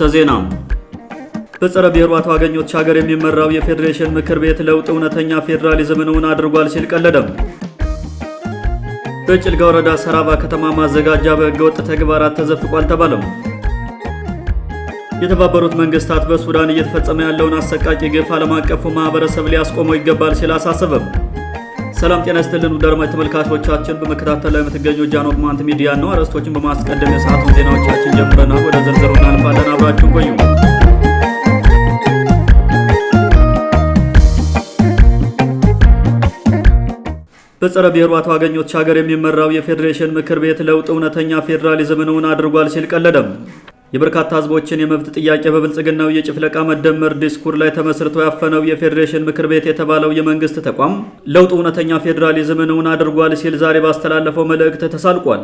አርዕስተ ዜና በጸረ ብሔር ተዋጊዎች ሀገር የሚመራው የፌዴሬሽን ምክር ቤት ለውጥ እውነተኛ ፌዴራሊዝምን እውን አድርጓል ሲል ቀለደም። በጭልጋ ወረዳ ሰራባ ከተማ ማዘጋጃ በህገወጥ ተግባራት ተዘፍቋል ተባለም። የተባበሩት መንግስታት በሱዳን እየተፈጸመ ያለውን አሰቃቂ ግፍ ዓለም አቀፉ ማህበረሰብ ሊያስቆመው ይገባል ሲል አሳሰበም። ሰላም ጤና ይስጥልን ውድ አድማጭ ተመልካቾቻችን፣ በመከታተል ላይ የምትገኙ ጃን ማንት ሚዲያ ነው። አርዕስቶችን በማስቀደም የሰዓቱን ዜናዎቻችን ጀምረናል። ወደ ዝርዝሩ እናልፋለን። አብራችሁ ቆዩ። በጸረ ብሔሩ አቶ አገኘሁ ሻገር የሚመራው የፌዴሬሽን ምክር ቤት ለውጥ እውነተኛ ፌዴራሊዝምን እውን አድርጓል ሲል ቀለደም። የበርካታ ህዝቦችን የመብት ጥያቄ በብልጽግናው የጭፍለቃ መደመር ዲስኩር ላይ ተመስርቶ ያፈነው የፌዴሬሽን ምክር ቤት የተባለው የመንግስት ተቋም ለውጥ እውነተኛ ፌዴራሊዝምን እውን አድርጓል ሲል ዛሬ ባስተላለፈው መልእክት ተሳልቋል።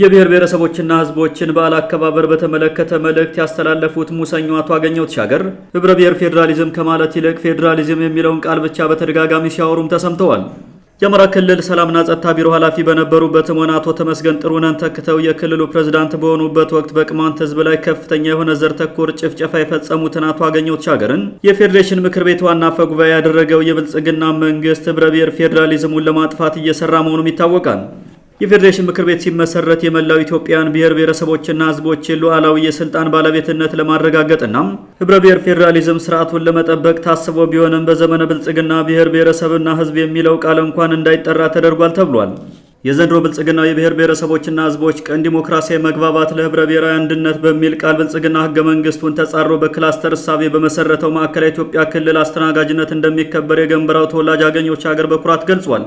የብሔር ብሔረሰቦችና ህዝቦችን በዓል አከባበር በተመለከተ መልእክት ያስተላለፉት ሙሰኛ አቶ አገኘው ተሻገር ህብረ ብሔር ፌዴራሊዝም ከማለት ይልቅ ፌዴራሊዝም የሚለውን ቃል ብቻ በተደጋጋሚ ሲያወሩም ተሰምተዋል። የአማራ ክልል ሰላምና ጸጥታ ቢሮ ኃላፊ በነበሩበት ሆነ አቶ ተመስገን ጥሩነን ተክተው የክልሉ ፕሬዝዳንት በሆኑበት ወቅት በቅማንት ህዝብ ላይ ከፍተኛ የሆነ ዘር ተኮር ጭፍጨፋ የፈጸሙትን አቶ አገኘሁ ተሻገርን የፌዴሬሽን ምክር ቤት ዋና አፈ ጉባኤ ያደረገው የብልጽግና መንግስት ህብረ ብሔር ፌዴራሊዝሙን ለማጥፋት እየሰራ መሆኑም ይታወቃል። የፌዴሬሽን ምክር ቤት ሲመሰረት የመላው ኢትዮጵያን ብሔር ብሔረሰቦችና ህዝቦችን ሉዓላዊ የስልጣን ባለቤትነት ለማረጋገጥና ህብረ ብሔር ፌዴራሊዝም ስርዓቱን ለመጠበቅ ታስቦ ቢሆንም በዘመነ ብልጽግና ብሔር ብሔረሰብና ህዝብ የሚለው ቃል እንኳን እንዳይጠራ ተደርጓል ተብሏል። የዘንድሮ ብልጽግናው የብሔር ብሔረሰቦችና ህዝቦች ቀን ዲሞክራሲያዊ መግባባት ለህብረ ብሔራዊ አንድነት በሚል ቃል ብልጽግና ህገ መንግስቱን ተጻሮ በክላስተር እሳቤ በመሰረተው ማዕከላዊ ኢትዮጵያ ክልል አስተናጋጅነት እንደሚከበር የገንበራው ተወላጅ አገኞች ሀገር በኩራት ገልጿል።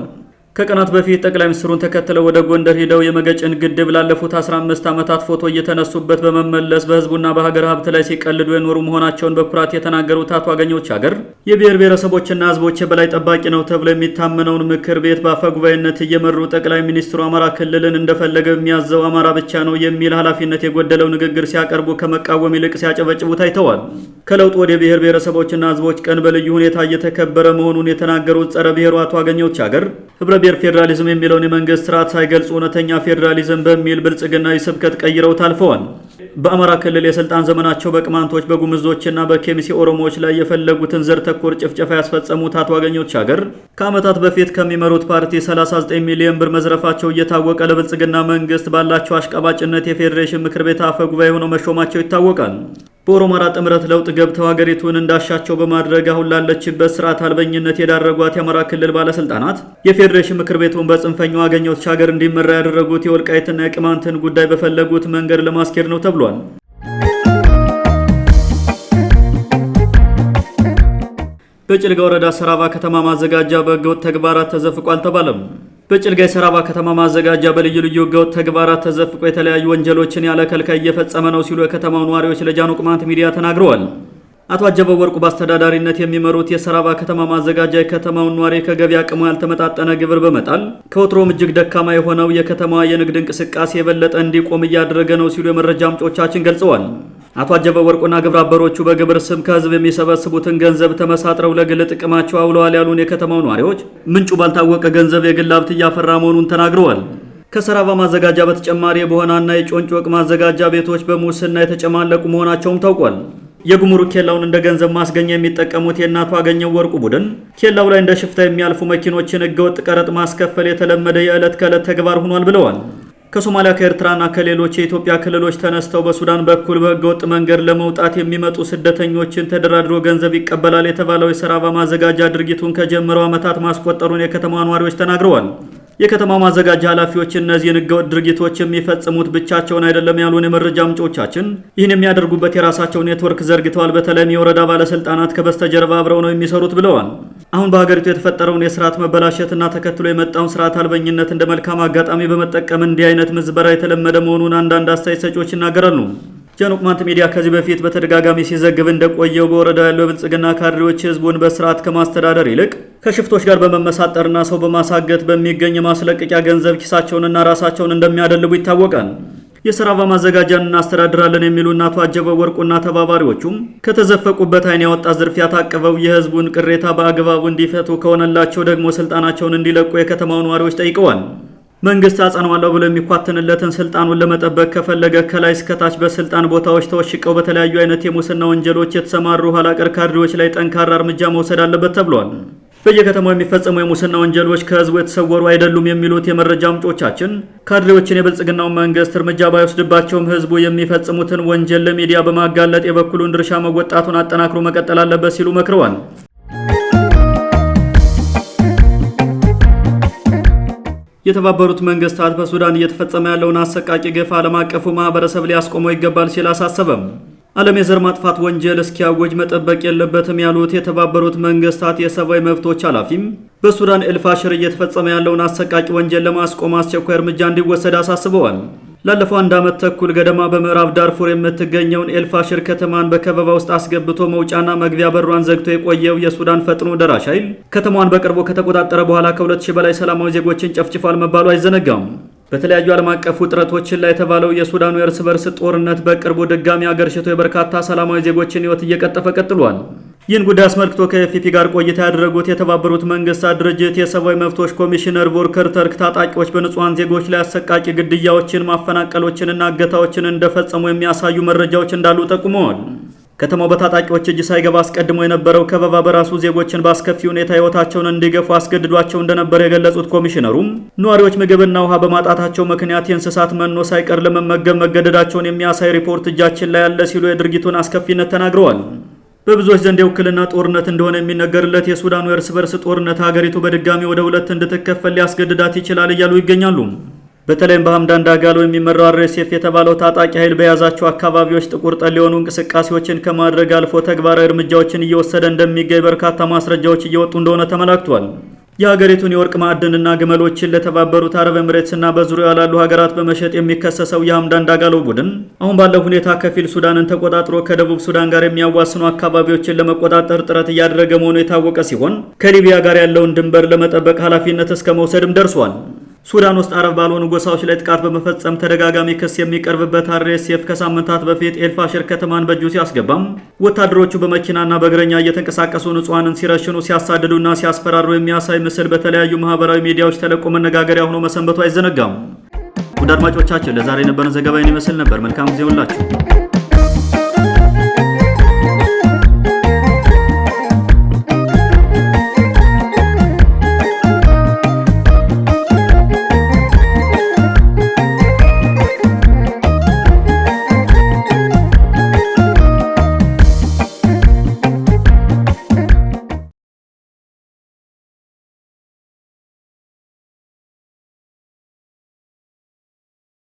ከቀናት በፊት ጠቅላይ ሚኒስትሩን ተከትለው ወደ ጎንደር ሄደው የመገጭን ግድብ ላለፉት 15 ዓመታት ፎቶ እየተነሱበት በመመለስ በህዝቡና በሀገር ሀብት ላይ ሲቀልዱ የኖሩ መሆናቸውን በኩራት የተናገሩት አቶ አገኘች አገር የብሔር ብሔረሰቦችና ህዝቦች የበላይ ጠባቂ ነው ተብሎ የሚታመነውን ምክር ቤት በአፈ ጉባኤነት እየመሩ ጠቅላይ ሚኒስትሩ አማራ ክልልን እንደፈለገ የሚያዘው አማራ ብቻ ነው የሚል ኃላፊነት የጎደለው ንግግር ሲያቀርቡ ከመቃወም ይልቅ ሲያጨበጭቡ ታይተዋል። ከለውጡ ወደ ብሔር ብሔረሰቦችና ህዝቦች ቀን በልዩ ሁኔታ እየተከበረ መሆኑን የተናገሩት ጸረ ብሔሩ አቶ አገኘች አገር ህብረ ብሔር ፌዴራሊዝም የሚለውን የመንግስት ስርዓት ሳይገልጽ እውነተኛ ፌዴራሊዝም በሚል ብልጽግና ስብከት ቀይረው ታልፈዋል። በአማራ ክልል የስልጣን ዘመናቸው በቅማንቶች በጉምዞችና በኬሚሲ ኦሮሞዎች ላይ የፈለጉትን ዘር ተኮር ጭፍጨፋ ያስፈጸሙት አቶ አገኘሁ ሻገር ከዓመታት በፊት ከሚመሩት ፓርቲ 39 ሚሊዮን ብር መዝረፋቸው እየታወቀ ለብልጽግና መንግስት ባላቸው አሽቀባጭነት የፌዴሬሽን ምክር ቤት አፈ ጉባኤ ሆነው መሾማቸው ይታወቃል። በኦሮማራ ጥምረት ለውጥ ገብተው ሀገሪቱን እንዳሻቸው በማድረግ አሁን ላለችበት ስርዓት አልበኝነት የዳረጓት የአማራ ክልል ባለስልጣናት የፌዴሬሽን ምክር ቤቱን በጽንፈኛው አገኘሁ ተሻገር እንዲመራ ያደረጉት የወልቃይትና የቅማንትን ጉዳይ በፈለጉት መንገድ ለማስኬድ ነው ተብሏል። በጭልጋ ወረዳ ሰራባ ከተማ ማዘጋጃ በህገወጥ ተግባራት ተዘፍቋል ተባለም። በጭልጋ የሰራባ ከተማ ማዘጋጃ በልዩ ልዩ ህገወጥ ተግባራት ተዘፍቆ የተለያዩ ወንጀሎችን ያለ ከልካይ እየፈጸመ ነው ሲሉ የከተማው ነዋሪዎች ለጃኑ ቅማንት ሚዲያ ተናግረዋል። አቶ አጀበው ወርቁ በአስተዳዳሪነት የሚመሩት የሰራባ ከተማ ማዘጋጃ የከተማውን ነዋሪ ከገቢ አቅሙ ያልተመጣጠነ ግብር በመጣል ከወትሮም እጅግ ደካማ የሆነው የከተማዋ የንግድ እንቅስቃሴ የበለጠ እንዲቆም እያደረገ ነው ሲሉ የመረጃ ምንጮቻችን ገልጸዋል። አቶ አጀበ ወርቁና ግብረ አበሮቹ በግብር ስም ከህዝብ የሚሰበስቡትን ገንዘብ ተመሳጥረው ለግል ጥቅማቸው አውለዋል ያሉን የከተማው ነዋሪዎች ምንጩ ባልታወቀ ገንዘብ የግል ሀብት እያፈራ መሆኑን ተናግረዋል። ከሰራባ ማዘጋጃ በተጨማሪ የቦሆናና የጮንጭ ወቅ ማዘጋጃ ቤቶች በሙስና የተጨማለቁ መሆናቸውም ታውቋል። የጉምሩክ ኬላውን እንደ ገንዘብ ማስገኛ የሚጠቀሙት የእናቱ አገኘው ወርቁ ቡድን ኬላው ላይ እንደ ሽፍታ የሚያልፉ መኪኖችን ህገወጥ ቀረጥ ማስከፈል የተለመደ የዕለት ከዕለት ተግባር ሆኗል ብለዋል። ከሶማሊያ ከኤርትራና ከሌሎች የኢትዮጵያ ክልሎች ተነስተው በሱዳን በኩል በህገወጥ መንገድ ለመውጣት የሚመጡ ስደተኞችን ተደራድሮ ገንዘብ ይቀበላል የተባለው የሰራባ ማዘጋጃ ድርጊቱን ከጀመረው ዓመታት ማስቆጠሩን የከተማ ነዋሪዎች ተናግረዋል። የከተማ ማዘጋጃ ኃላፊዎች እነዚህን ህገወጥ ድርጊቶች የሚፈጽሙት ብቻቸውን አይደለም ያሉን የመረጃ ምንጮቻችን፣ ይህን የሚያደርጉበት የራሳቸው ኔትወርክ ዘርግተዋል። በተለይም የወረዳ ባለስልጣናት ከበስተጀርባ አብረው ነው የሚሰሩት ብለዋል። አሁን በሀገሪቱ የተፈጠረውን የስርዓት መበላሸትና ተከትሎ የመጣውን ስርዓት አልበኝነት እንደ መልካም አጋጣሚ በመጠቀም እንዲህ አይነት ምዝበራ የተለመደ መሆኑን አንዳንድ አስተያየት ሰጪዎች ይናገራሉ። የኑቅማንት ሚዲያ ከዚህ በፊት በተደጋጋሚ ሲዘግብ እንደቆየው በወረዳ ያለው የብልጽግና ካድሬዎች ህዝቡን በስርዓት ከማስተዳደር ይልቅ ከሽፍቶች ጋር በመመሳጠርና ሰው በማሳገት በሚገኝ የማስለቀቂያ ገንዘብ ኪሳቸውንና ራሳቸውን እንደሚያደልቡ ይታወቃል። የሰራ ማዘጋጃን እናስተዳድራለን የሚሉ አቶ አጀበ ወርቁና ተባባሪዎቹም ከተዘፈቁበት አይን ያወጣ ዝርፊያ ታቅበው የህዝቡን ቅሬታ በአግባቡ እንዲፈቱ ከሆነላቸው ደግሞ ስልጣናቸውን እንዲለቁ የከተማው ነዋሪዎች ጠይቀዋል። መንግስት አጸናዋለሁ ብሎ የሚኳትንለትን ስልጣኑን ለመጠበቅ ከፈለገ ከላይ እስከታች በስልጣን ቦታዎች ተወሽቀው በተለያዩ አይነት የሙስና ወንጀሎች የተሰማሩ ኋላቀር ካድሬዎች ላይ ጠንካራ እርምጃ መውሰድ አለበት ተብሏል። በየከተማው የሚፈጸሙ የሙስና ወንጀሎች ከህዝቡ የተሰወሩ አይደሉም የሚሉት የመረጃ ምንጮቻችን ካድሬዎችን የብልጽግናው መንግስት እርምጃ ባይወስድባቸውም ህዝቡ የሚፈጽሙትን ወንጀል ለሚዲያ በማጋለጥ የበኩሉን ድርሻ መወጣቱን አጠናክሮ መቀጠል አለበት ሲሉ መክረዋል። የተባበሩት መንግስታት በሱዳን እየተፈጸመ ያለውን አሰቃቂ ግፍ ዓለም አቀፉ ማህበረሰብ ሊያስቆመው ይገባል ሲል አሳሰበም። ዓለም የዘር ማጥፋት ወንጀል እስኪያወጅ መጠበቅ የለበትም ያሉት የተባበሩት መንግስታት የሰብአዊ መብቶች ኃላፊም በሱዳን ኤልፋሽር እየተፈጸመ ያለውን አሰቃቂ ወንጀል ለማስቆም አስቸኳይ እርምጃ እንዲወሰድ አሳስበዋል። ላለፈው አንድ ዓመት ተኩል ገደማ በምዕራብ ዳርፉር የምትገኘውን ኤልፋሽር ከተማን በከበባ ውስጥ አስገብቶ መውጫና መግቢያ በሯን ዘግቶ የቆየው የሱዳን ፈጥኖ ደራሽ ኃይል ከተማዋን በቅርቡ ከተቆጣጠረ በኋላ ከ2 ሺህ በላይ ሰላማዊ ዜጎችን ጨፍጭፏል መባሉ አይዘነጋም። በተለያዩ ዓለም አቀፍ ውጥረቶችን ላይ የተባለው የሱዳኑ የእርስ በርስ ጦርነት በቅርቡ ድጋሚ አገርሽቶ የበርካታ ሰላማዊ ዜጎችን ሕይወት እየቀጠፈ ቀጥሏል። ይህን ጉዳይ አስመልክቶ ከኤፍፒ ጋር ቆይታ ያደረጉት የተባበሩት መንግስታት ድርጅት የሰብአዊ መብቶች ኮሚሽነር ቮልከር ተርክ ታጣቂዎች በንጹሐን ዜጎች ላይ አሰቃቂ ግድያዎችን፣ ማፈናቀሎችንና እገታዎችን እንደፈጸሙ የሚያሳዩ መረጃዎች እንዳሉ ጠቁመዋል። ከተማው በታጣቂዎች እጅ ሳይገባ አስቀድሞ የነበረው ከበባ በራሱ ዜጎችን በአስከፊ ሁኔታ ሕይወታቸውን እንዲገፉ አስገድዷቸው እንደነበር የገለጹት ኮሚሽነሩም ነዋሪዎች ምግብና ውሃ በማጣታቸው ምክንያት የእንስሳት መኖ ሳይቀር ለመመገብ መገደዳቸውን የሚያሳይ ሪፖርት እጃችን ላይ ያለ ሲሉ የድርጊቱን አስከፊነት ተናግረዋል። በብዙዎች ዘንድ የውክልና ጦርነት እንደሆነ የሚነገርለት የሱዳኑ እርስ በርስ ጦርነት ሀገሪቱ በድጋሚ ወደ ሁለት እንድትከፈል ሊያስገድዳት ይችላል እያሉ ይገኛሉ። በተለይም በሐምዳን ዳጋሎ የሚመራው አርኤስኤፍ የተባለው ታጣቂ ኃይል በያዛቸው አካባቢዎች ጥቁር ጠል የሆኑ እንቅስቃሴዎችን ከማድረግ አልፎ ተግባራዊ እርምጃዎችን እየወሰደ እንደሚገኝ በርካታ ማስረጃዎች እየወጡ እንደሆነ ተመላክቷል። የሀገሪቱን የወርቅ ማዕድንና ግመሎችን ለተባበሩት አረብ ኤምሬትስና በዙሪያ ላሉ ሀገራት በመሸጥ የሚከሰሰው የሐምዳን ዳጋሎ ቡድን አሁን ባለው ሁኔታ ከፊል ሱዳንን ተቆጣጥሮ ከደቡብ ሱዳን ጋር የሚያዋስኑ አካባቢዎችን ለመቆጣጠር ጥረት እያደረገ መሆኑ የታወቀ ሲሆን ከሊቢያ ጋር ያለውን ድንበር ለመጠበቅ ኃላፊነት እስከ መውሰድም ደርሷል። ሱዳን ውስጥ አረብ ባልሆኑ ጎሳዎች ላይ ጥቃት በመፈጸም ተደጋጋሚ ክስ የሚቀርብበት አርኤስኤፍ ከሳምንታት በፊት ኤልፋሽር ከተማን በእጁ ሲያስገባም ወታደሮቹ በመኪናና በእግረኛ እየተንቀሳቀሱ ንጹሐንን ሲረሽኑ፣ ሲያሳድዱና ሲያስፈራሩ የሚያሳይ ምስል በተለያዩ ማህበራዊ ሚዲያዎች ተለቆ መነጋገሪያ ሆኖ መሰንበቱ አይዘነጋም። ውድ አድማጮቻችን ለዛሬ የነበረን ዘገባ ይህን ይመስል ነበር። መልካም ጊዜ ሁላችሁ